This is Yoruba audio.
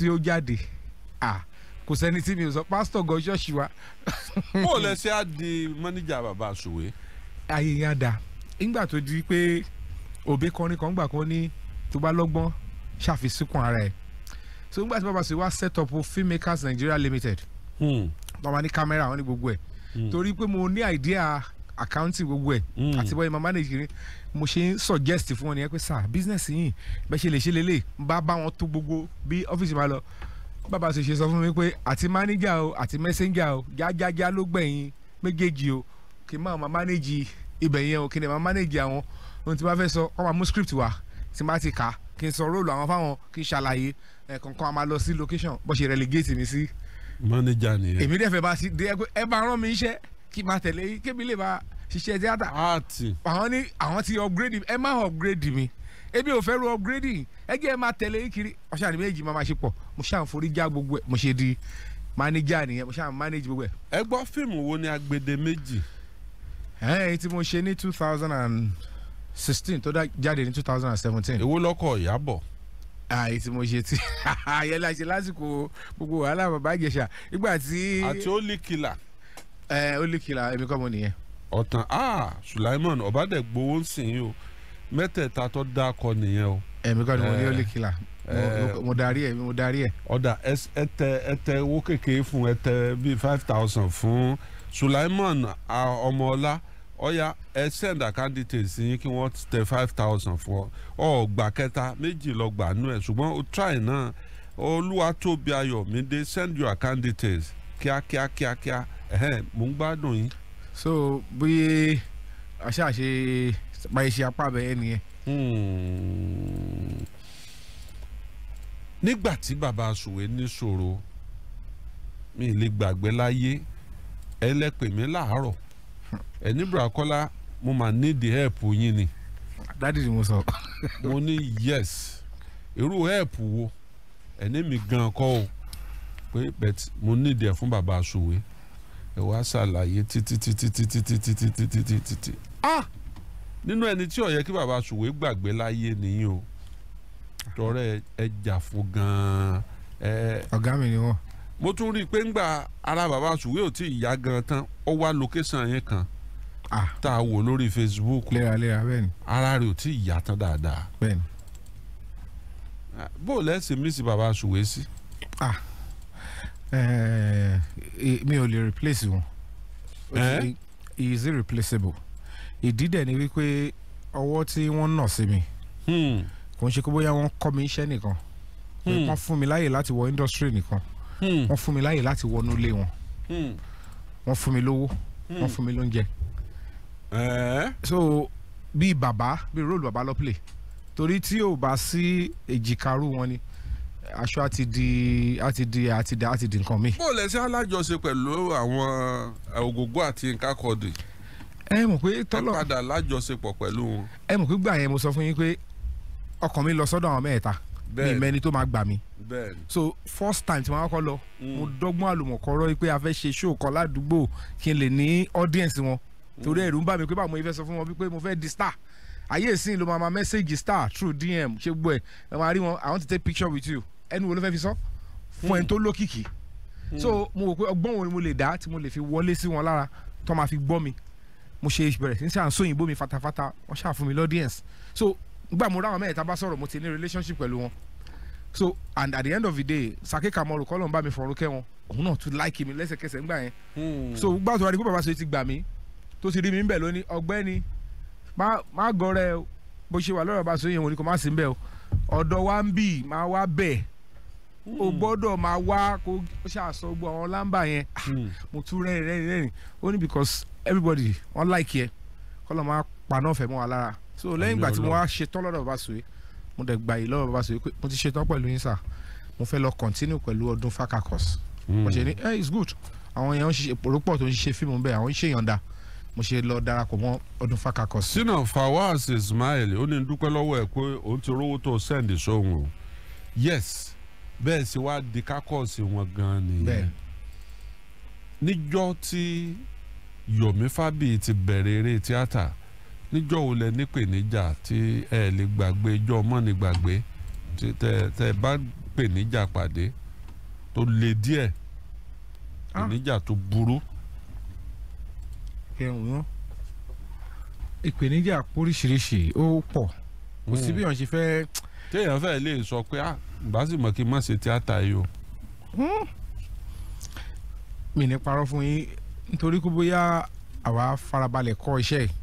tí ó jáde kò sẹ́ni tí mi ò sọ pásítọ̀ gan ṣọ́ọ̀ṣì wa. bó o lẹ ṣe á di mọ́níjà bàbá àṣùwé. ayé yẹn á da nígbà tó di pé òbí kọrin kan gbà kan ní tó bá lọ́gbọ́n ṣàfisíkun ara ẹ̀ so nígbà tí bàbá àṣùwé wá set up filmmakers nigeria limited. bàbá hmm. ní kámẹ́rà wọn ní gbogbo ẹ̀ hmm. torí pé mo ní àìdíà àkáǹtì gbogbo ẹ̀ mm. àti bọ́yìí máa manage rí mo ṣe ń suggest fún wọn nìyẹn pé sà business yin bẹ́ẹ̀ ṣe le ṣe lélẹ̀ bá bá wọn tó gbogbo bí ọ́fíìsì máa lọ bàbá ṣe ṣe sọ fún mi pé àti manager o àti messenger o jájájá ló gbẹ̀yìn méjèèjì o kì í máa máa manage ibẹ̀ yẹn o kì í máa manage àwọn ohun tí wọ́n fẹ́ sọ wọ́n máa mú script wá tí wọ́n ti kà á kí n sọ àwọn fáwọn kí n ṣàlàyé ẹ̀ẹ̀kọ̀ọ̀kan eh, a máa lọ sí location bó ṣe relegate mi sí. manager nìyẹn. èmi dẹ̀ fẹ́ bá sí ẹ bá rán mi iṣẹ́ kí máa tẹ̀lé yín kébí lè máa ṣiṣẹ́ tíátà àwọn ní àwọn ti upgrade ẹ má upgrade mi ebi ò fẹ́ ru upgrading ẹ jẹ́ ẹ máa tẹ̀lé yín kiri ọ̀ṣà ni méjì máa ma ṣe pọ̀ mo ṣáà ń forí já gbogbo ẹ̀ mo ṣe di manager nìyẹn mo ṣáà manage gbogbo ẹ̀. ẹ gbọ́ fíìmù wo ni agbede méjì. ẹ tí mo ṣe ní two thousand and sixteen tó dá jáde ní two thousand and seventeen. èwo lọ́kọ̀ ìyàbọ̀ àyè tí mo ṣe ti àyẹ̀lá ṣe lásìkò gbogbo wàhálà bàbá ìjẹsà nígbà tí. àti ó lè ẹ ó lè kila èmi kọ́ mo nìyẹn. ọ̀tàn a Sulaiman ọ̀bádẹ́gbowó ń sìn yín o mẹ́tẹ̀ẹ̀ta tó dáa kọ nìyẹn o. èmi kọ́ ni mo o ó lè kila mo darí ẹ mo darí ẹ. ọ̀dà ẹ tẹ ẹ tẹ owó kékeré fún ẹ tẹ bíi five thousand fún Sulaiman ọmọọlá ọ̀yà ẹ send account details yín kí wọ́n tẹ five thousand fún ọ ọgbà kẹta méjì lọ gbà nú ẹ ṣùgbọ́n o try náà olúwa tóbi ayọ̀mídé send your account details kíákíá kíákíá mò ń gbádùn yín. so bí aṣáṣe máa ṣe apá bẹ́ẹ̀ nìyẹn. Hmm. nígbà tí bàbá sùwé níṣòro mi lè gbàgbé láyé ẹ lẹ́pẹ̀ mi láàárọ̀ ẹ ní bùrọ̀kọ́lá mo máa need the yín ni. dádì ni mo sọ. mo ní yes irú help wo ẹ mi gan kọ́ o pé bet mo nídìí ẹ̀ fún bàbá aṣòwe ẹ wá ṣàlàyé títí títí títí títí títí títí títí ah nínú ẹni tí ó yẹ kí bàbá aṣòwe gbàgbé láyé nìyí o tọrẹ ẹ jà fún gan-an. ọ̀gá mi ni wọ́n. mo tún rí i pé ńgbà ara bàbá aṣòwe ò tí ì yá gan tán ó wá lókẹ́sàn yẹn kan ah! tá a wò lórí Facebook. léraléra bẹ́ẹ̀ ni. ara rẹ̀ ò tí ì yá tán dáadáa. bẹ́ẹ̀ ni. Ah! bó o lẹ́sìn mí sí bàbá aṣòwe sí. ah Eh, eh, mi ò lè replace wọn eh? he is irreplaceable ìdí dẹ̀ ni wípé ọwọ́ tí wọ́n nà sí mi hmm. kò ń ṣe kó bóyá wọ́n kọ́ mi iṣẹ́ nìkan hmm. wọ́n fún mi láyè láti wọ industry nìkan hmm. wọ́n fún mi láyè láti wọnú ilé wọn wọ́n fún mi lówó wọ́n fún mi lóúnjẹ so bíi bàbá bíi role bàbá play. torí tí ò bá sí èjìkárú wọn ni. Hmm aṣọ àti di àti di àti di àti di nǹkan mi. bó o lẹ ṣe alájọṣe pẹ̀lú àwọn ògógó àti nǹkan kọ̀dì. ẹ mọ̀ pé tọ́lọ̀ ẹ padà lájọṣepọ̀ pẹ̀lú wọn. ẹ mọ̀ pé gbà yẹn mo sọ fún yín pé ọkàn mi lọ sọ́dọ̀ àwọn mẹ́ẹ̀ta mi mẹ́ni tó máa gbà mí. so first time tí wọ́n kọ́ lọ mm. mo dọ́gbọ́n àlùmọ̀kọ́rọ́ pé a fẹ́ ṣe show kan ládùúgbò kí n lè ní audience wọn mm. torí ẹ̀rù ń bà mí pé báwo mo fẹ́ sọ fún wọn pé mo fẹ́ di star ayé ìsìn ló máa ma mẹ́sẹ̀gì star through dm ṣé gbọ́ ẹ̀ ẹ̀ máa rí wọn i want to take picture with you ẹnu wo ló fẹ́ fi sọ fún ẹni tó hmm. lókìkí hmm. so mo wò pé ọgbọ́n wo ni mo lè dá tí mo lè fi wọlé sí wọn lára tó máa fi gbọ́ mi mo ṣe bẹ̀rẹ̀ sí ní sàn sóyìn bó fatafata wọ́n ṣáà fún mi lọ́díẹ̀nsì so gbà mo ráwọn mẹ́ta bá sọ̀rọ̀ mo ti ní relationship pẹ̀lú wọn so and at the end of the day Sake Kamoru kọ́ ló ń bá mi fọ̀rọ̀ kẹ́ wọn òun náà tún láìkì mi lẹ́sẹ̀kẹsẹ̀ ńgbà yẹn hmm. so gbà tó wá di pé bàbá sọ ti gbà mí tó ti rí mi ńbẹ̀ lónìí ọgbẹ́ni má gọrẹ bó ṣe wà lọ́rọ̀ bá sọ yẹn wọn ni kò má sí ńbẹ̀ o ọ̀dọ̀ wa ń bì máa wá bẹ̀ o hmm. gbọ́dọ̀ máa wá kó ṣàṣọ gbọ́ àwọn lámbà yẹn ah, hmm. mo tún rẹ́rìn rẹ́rìn rẹ́rìn ó ní because everybody wọ́n like yẹ kọ́lọ́ máa paná ọ̀fẹ́ mọ́ wa lára so lẹ́yìn ìgbà tí mo wá ṣetán lọ́dọ̀ bàbá sòye mo dẹ̀ gbà yìí lọ́dọ̀ bàbá sòye pé mo ti ṣetán pẹ̀lú yín sà mo fẹ́ lọ continue pẹ̀lú ọdún fakakos mo hmm. ṣe ní eh it's good àwọn èèyàn ṣe rúpọ̀ tó ń ṣe fíìmù bẹ́ẹ̀ àwọn ṣe yọ̀ǹda mo ṣe lọ darapọ̀ mọ́ ọdún fakakos. sina Fawaz Ismail ó ní dúpẹ́ lọ́wọ́ ẹ̀ pé òun ti rówó tó sẹ́ndì sóhun o yes bẹ́ẹ̀ sì wá di kákọ́ọ̀sì wọn gan nìyẹn níjọ́ tí Yomi Fabiyi ti bẹ̀rẹ̀ eré tíátà níjọ́ wo lẹ nípèníjà tí ẹ lè gbàgbé ijọ́ mọ́nìgbàgbé tẹ ẹ bá pèníjà pàdé tó le díẹ̀ pèníjà ah. tó burú. ẹ̀wọ̀n ìpèníjà oríṣiríṣi ó pọ̀ kò sí hmm. bí wọ́n ṣe fẹ́. téèyàn fẹ́ lè sọ pé ah gbazimọ̀ kí n má ṣe tíátà yìí o. Hmm? mi ní parọ́ fún yín nítorí kó bóyá àwa farabalẹ̀ kọ́ iṣẹ́ yìí